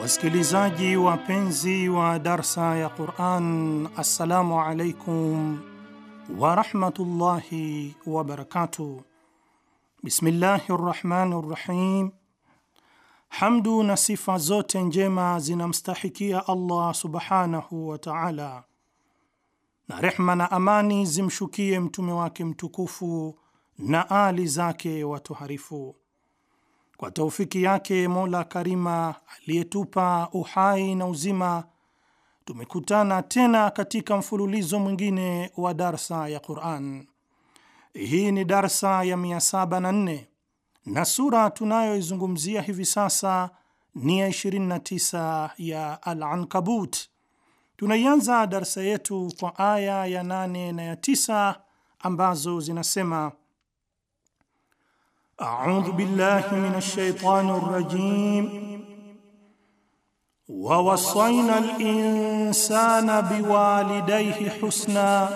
Wasikilizaji wapenzi wa darsa ya Quran, assalamu alaikum wa rahmatullahi wa barakatuh. Bismillahi rrahmani rahim. Hamdu na sifa zote njema zinamstahikia Allah subhanahu wa taala na rehma na amani zimshukie mtume wake mtukufu na ali zake watoharifu. Kwa taufiki yake Mola Karima aliyetupa uhai na uzima, tumekutana tena katika mfululizo mwingine wa darsa ya Quran. Hii ni darsa ya 74 na sura tunayoizungumzia hivi sasa ni ya 29 ya Al-Ankabut. Tunaianza darsa yetu kwa aya ya nane na ya tisa ambazo zinasema: audhu billahi minash shaitani rrajim wa wasaina linsana biwalidayhi husna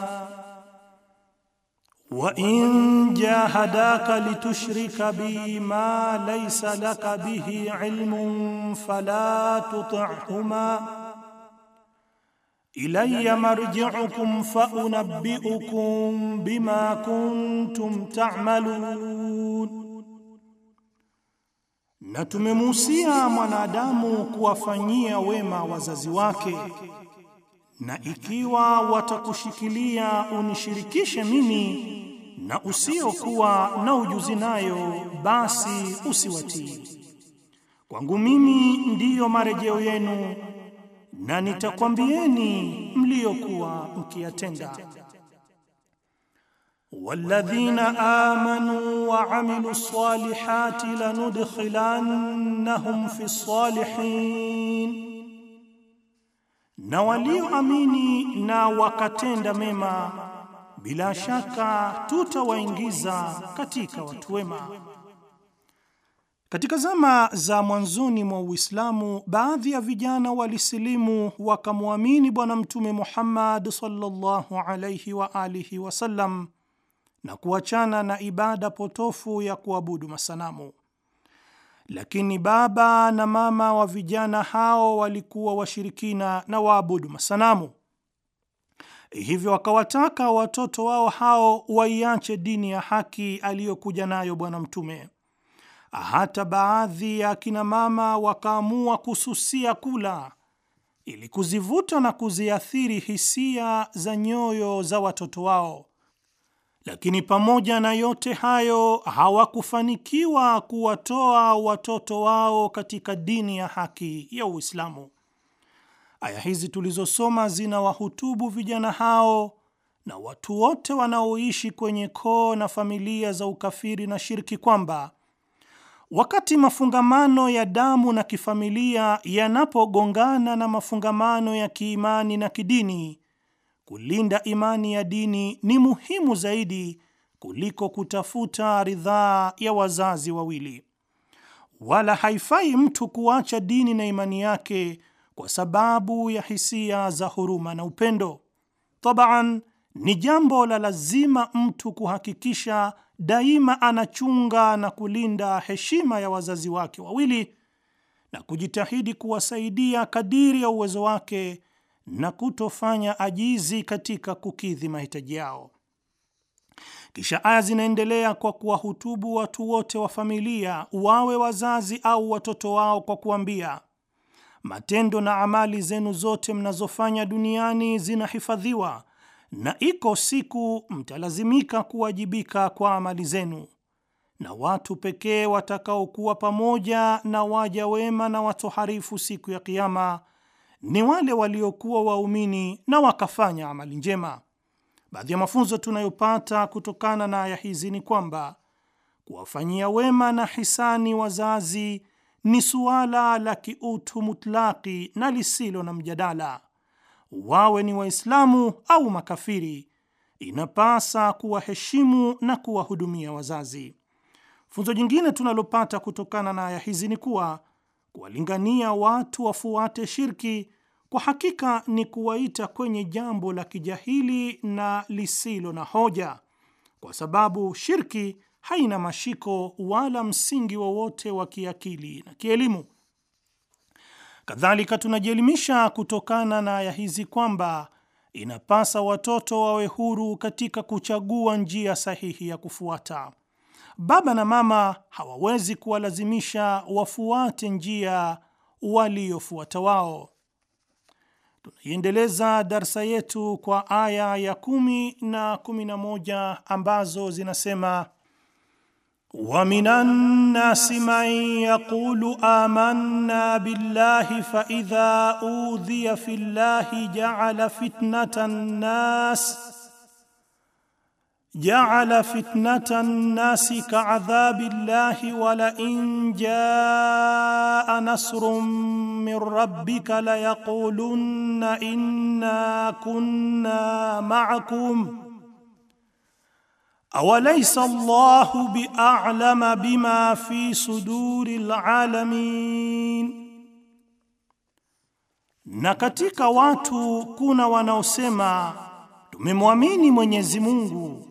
wa in jahadaka litushrika bi ma laysa laka bihi ilmun fala tuti'huma ilayya marji'ukum fa unabbi'ukum bima kuntum ta'malun, na tumemuhusia mwanadamu kuwafanyia wema wazazi wake, na ikiwa watakushikilia unishirikishe mimi na usiokuwa na ujuzi nayo, basi usiwatii. Kwangu mimi ndiyo marejeo yenu na nitakwambieni mliokuwa mkiyatenda. walladhina amanu wa amilu salihati lanudkhilannahum fi salihin, na walioamini na wakatenda mema bila shaka tutawaingiza katika watu wema. Katika zama za mwanzoni mwa Uislamu, baadhi ya vijana walisilimu wakamwamini Bwana Mtume Muhammad sallallahu alaihi wa alihi wasallam na kuachana na ibada potofu ya kuabudu masanamu. Lakini baba na mama wa vijana hao walikuwa washirikina na waabudu masanamu, hivyo wakawataka watoto wao hao waiache dini ya haki aliyokuja nayo Bwana Mtume hata baadhi ya akina mama wakaamua kususia kula ili kuzivuta na kuziathiri hisia za nyoyo za watoto wao. Lakini pamoja na yote hayo, hawakufanikiwa kuwatoa watoto wao katika dini ya haki ya Uislamu. Aya hizi tulizosoma zinawahutubu vijana hao na watu wote wanaoishi kwenye koo na familia za ukafiri na shirki kwamba Wakati mafungamano ya damu na kifamilia yanapogongana na mafungamano ya kiimani na kidini, kulinda imani ya dini ni muhimu zaidi kuliko kutafuta ridhaa ya wazazi wawili. Wala haifai mtu kuacha dini na imani yake kwa sababu ya hisia za huruma na upendo. Tabaan, ni jambo la lazima mtu kuhakikisha daima anachunga na kulinda heshima ya wazazi wake wawili na kujitahidi kuwasaidia kadiri ya uwezo wake na kutofanya ajizi katika kukidhi mahitaji yao. Kisha aya zinaendelea kwa kuwahutubu watu wote wa familia, wawe wazazi au watoto wao, kwa kuambia matendo na amali zenu zote mnazofanya duniani zinahifadhiwa na iko siku mtalazimika kuwajibika kwa amali zenu, na watu pekee watakaokuwa pamoja na waja wema na watoharifu siku ya Kiama ni wale waliokuwa waumini na wakafanya amali njema. Baadhi ya mafunzo tunayopata kutokana na aya hizi ni kwamba kuwafanyia wema na hisani wazazi ni suala la kiutu mutlaki na lisilo na mjadala wawe ni Waislamu au makafiri, inapasa kuwaheshimu na kuwahudumia wazazi. Funzo jingine tunalopata kutokana na aya hizi ni kuwa kuwalingania watu wafuate shirki kwa hakika ni kuwaita kwenye jambo la kijahili na lisilo na hoja, kwa sababu shirki haina mashiko wala msingi wowote wa, wa kiakili na kielimu. Kadhalika tunajielimisha kutokana na aya hizi kwamba inapasa watoto wawe huru katika kuchagua njia sahihi ya kufuata. Baba na mama hawawezi kuwalazimisha wafuate njia waliofuata wao. Tunaiendeleza darsa yetu kwa aya ya kumi na kumi na moja ambazo zinasema ومن الناس من يقول آمنا بالله فإذا أوذي في الله جعل فتنة الناس جعل فتنة الناس كعذاب الله ولئن جاء نصر من ربك ليقولن إنا كنا معكم ۖ awalaisa llahu bi'alama bima fi suduri lalamin. Na katika watu kuna wanaosema tumemwamini Mwenyezi Mungu,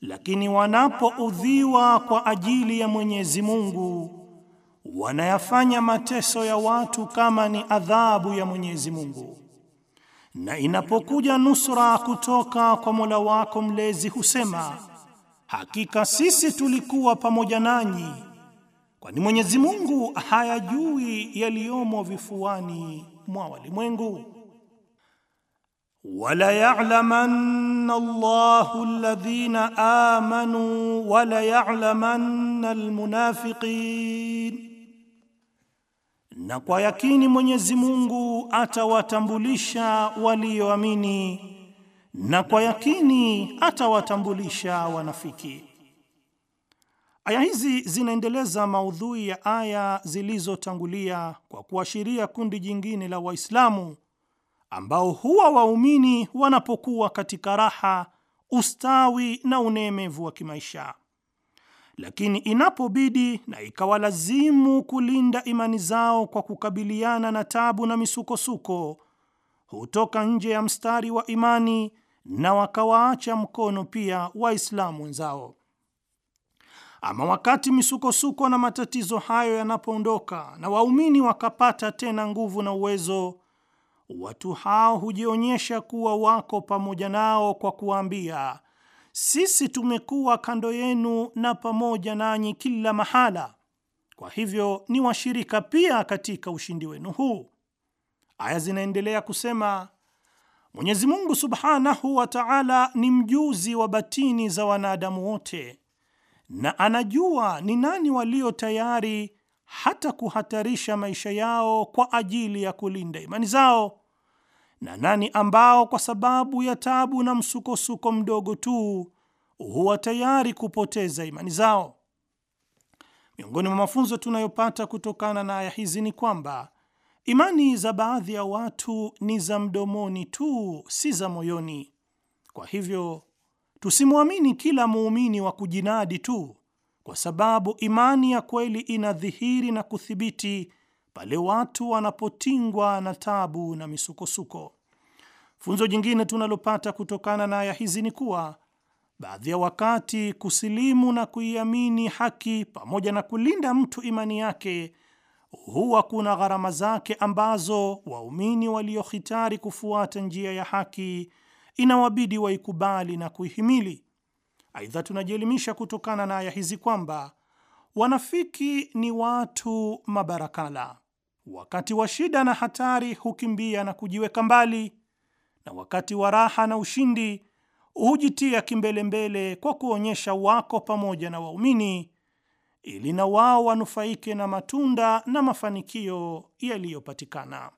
lakini wanapoudhiwa kwa ajili ya Mwenyezi Mungu wanayafanya mateso ya watu kama ni adhabu ya Mwenyezi Mungu. Na inapokuja nusra kutoka kwa Mola wako mlezi husema Hakika sisi tulikuwa pamoja nanyi, kwani Mwenyezi Mungu hayajui yaliyomo vifuani mwa walimwengu. Wala ya'lamanna Allahu alladhina amanu wala ya'lamanna almunafiqin, na kwa yakini Mwenyezi Mungu atawatambulisha walioamini na kwa yakini atawatambulisha wanafiki. Aya hizi zinaendeleza maudhui ya aya zilizotangulia kwa kuashiria kundi jingine la Waislamu ambao huwa waumini wanapokuwa katika raha, ustawi na unemevu wa kimaisha, lakini inapobidi na ikawalazimu kulinda imani zao kwa kukabiliana na tabu na misukosuko, hutoka nje ya mstari wa imani na wakawaacha mkono pia Waislamu wenzao. Ama wakati misukosuko na matatizo hayo yanapoondoka na waumini wakapata tena nguvu na uwezo, watu hao hujionyesha kuwa wako pamoja nao kwa kuwaambia, sisi tumekuwa kando yenu na pamoja nanyi kila mahala, kwa hivyo ni washirika pia katika ushindi wenu huu. Aya zinaendelea kusema Mwenyezi Mungu Subhanahu wa Ta'ala ni mjuzi wa batini za wanadamu wote na anajua ni nani walio tayari hata kuhatarisha maisha yao kwa ajili ya kulinda imani zao na nani ambao kwa sababu ya tabu na msukosuko mdogo tu huwa tayari kupoteza imani zao. Miongoni mwa mafunzo tunayopata kutokana na aya hizi ni kwamba Imani za baadhi ya watu ni za mdomoni tu, si za moyoni. Kwa hivyo tusimwamini kila muumini wa kujinadi tu, kwa sababu imani ya kweli inadhihiri na kuthibiti pale watu wanapotingwa na tabu na misukosuko. Funzo jingine tunalopata kutokana na aya hizi ni kuwa baadhi ya wakati kusilimu na kuiamini haki pamoja na kulinda mtu imani yake huwa kuna gharama zake ambazo waumini waliohitari kufuata njia ya haki inawabidi waikubali na kuihimili. Aidha, tunajielimisha kutokana na aya hizi kwamba wanafiki ni watu mabarakala. Wakati wa shida na hatari hukimbia na kujiweka mbali, na wakati wa raha na ushindi hujitia kimbelembele kwa kuonyesha wako pamoja na waumini ili na wao wanufaike na matunda na mafanikio yaliyopatikana.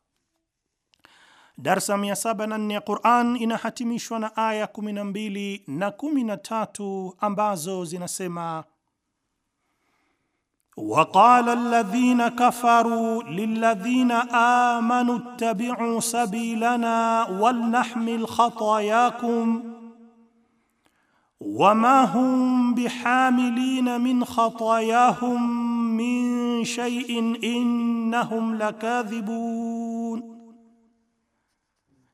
Darsa 74 ya Quran inahatimishwa na aya 12 na 13 ambazo zinasema: waqala alladhina kafaru lilladhina amanu ittabi'u sabilana walnahmil khatayakum wama hum bihamilina min khatayahum min shay'in innahum lakadhibun,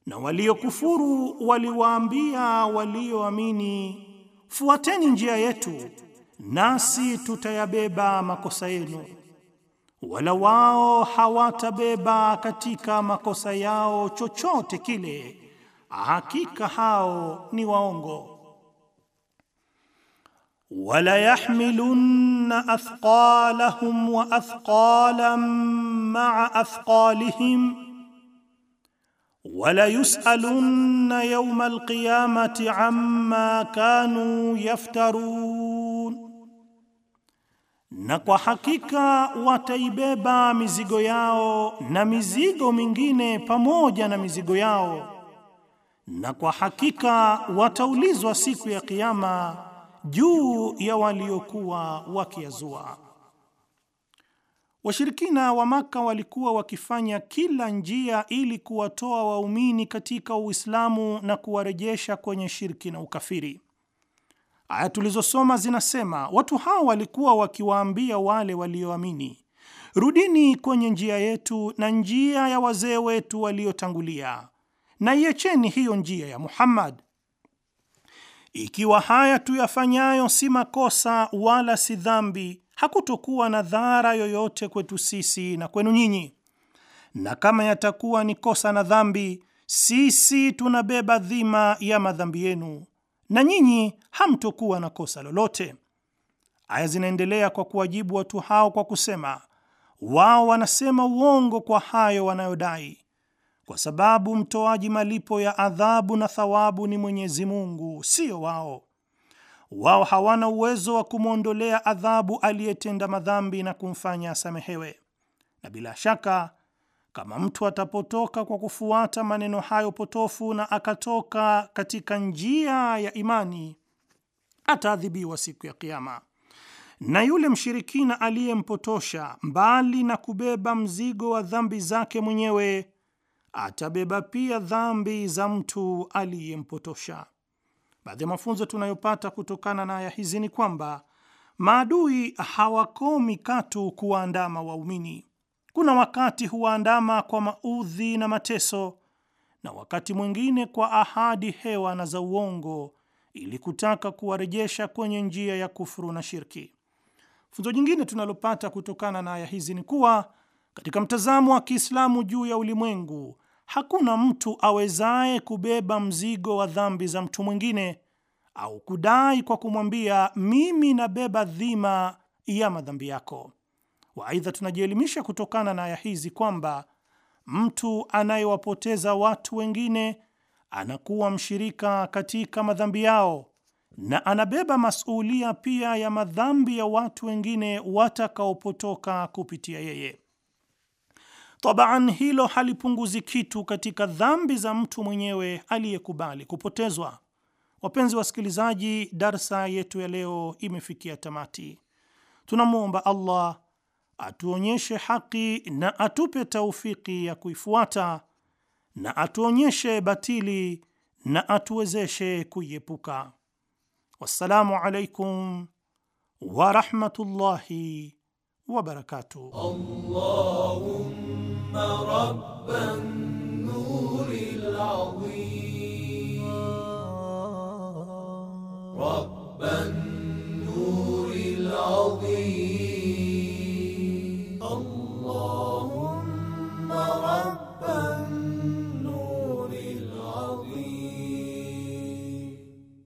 na waliokufuru waliwaambia walioamini, fuateni njia yetu nasi tutayabeba makosa yenu, wala wao hawatabeba katika makosa yao chochote kile, hakika hao ni waongo. وليحملن اثقالهم واثقالا مع اثقالهم وليسالن يوم القيامه عما كانوا يفترون na kwa hakika wataibeba mizigo yao na mizigo mingine pamoja na mizigo yao na kwa hakika wataulizwa siku ya kiyama juu ya waliokuwa wakiazua. Washirikina wa Maka walikuwa wakifanya kila njia ili kuwatoa waumini katika Uislamu na kuwarejesha kwenye shirki na ukafiri. Aya tulizosoma zinasema watu hao walikuwa wakiwaambia wale walioamini, rudini kwenye njia yetu na njia ya wazee wetu waliotangulia, na iacheni hiyo njia ya Muhammad ikiwa haya tuyafanyayo si makosa wala si dhambi, hakutokuwa na dhara yoyote kwetu sisi na kwenu nyinyi, na kama yatakuwa ni kosa na dhambi, sisi tunabeba dhima ya madhambi yenu, na nyinyi hamtokuwa na kosa lolote. Aya zinaendelea kwa kuwajibu watu hao kwa kusema, wao wanasema uongo kwa hayo wanayodai kwa sababu mtoaji malipo ya adhabu na thawabu ni Mwenyezi Mungu, sio wao. Wao hawana uwezo wa kumwondolea adhabu aliyetenda madhambi na kumfanya asamehewe. Na bila shaka kama mtu atapotoka kwa kufuata maneno hayo potofu na akatoka katika njia ya imani, ataadhibiwa siku ya Kiama. Na yule mshirikina aliyempotosha, mbali na kubeba mzigo wa dhambi zake mwenyewe atabeba pia dhambi za mtu aliyempotosha. Baadhi ya mafunzo tunayopata kutokana na aya hizi ni kwamba maadui hawakomi katu kuwaandama waumini. Kuna wakati huwaandama kwa maudhi na mateso, na wakati mwingine kwa ahadi hewa na za uongo, ili kutaka kuwarejesha kwenye njia ya kufuru na shirki. Funzo jingine tunalopata kutokana na aya hizi ni kuwa katika mtazamo wa Kiislamu juu ya ulimwengu hakuna mtu awezaye kubeba mzigo wa dhambi za mtu mwingine au kudai kwa kumwambia mimi nabeba dhima ya madhambi yako. Waaidha, tunajielimisha kutokana na aya hizi kwamba mtu anayewapoteza watu wengine anakuwa mshirika katika madhambi yao na anabeba masuulia pia ya madhambi ya watu wengine watakaopotoka kupitia yeye. Tabaan, hilo halipunguzi kitu katika dhambi za mtu mwenyewe aliyekubali kupotezwa. Wapenzi wasikilizaji, darsa yetu ya leo imefikia tamati. Tunamwomba Allah atuonyeshe haki na atupe taufiki ya kuifuata na atuonyeshe batili na atuwezeshe kuiepuka. Wassalamu alaikum warahmatullahi wabarakatuh. ثم رب النور العظيم رب النور العظيم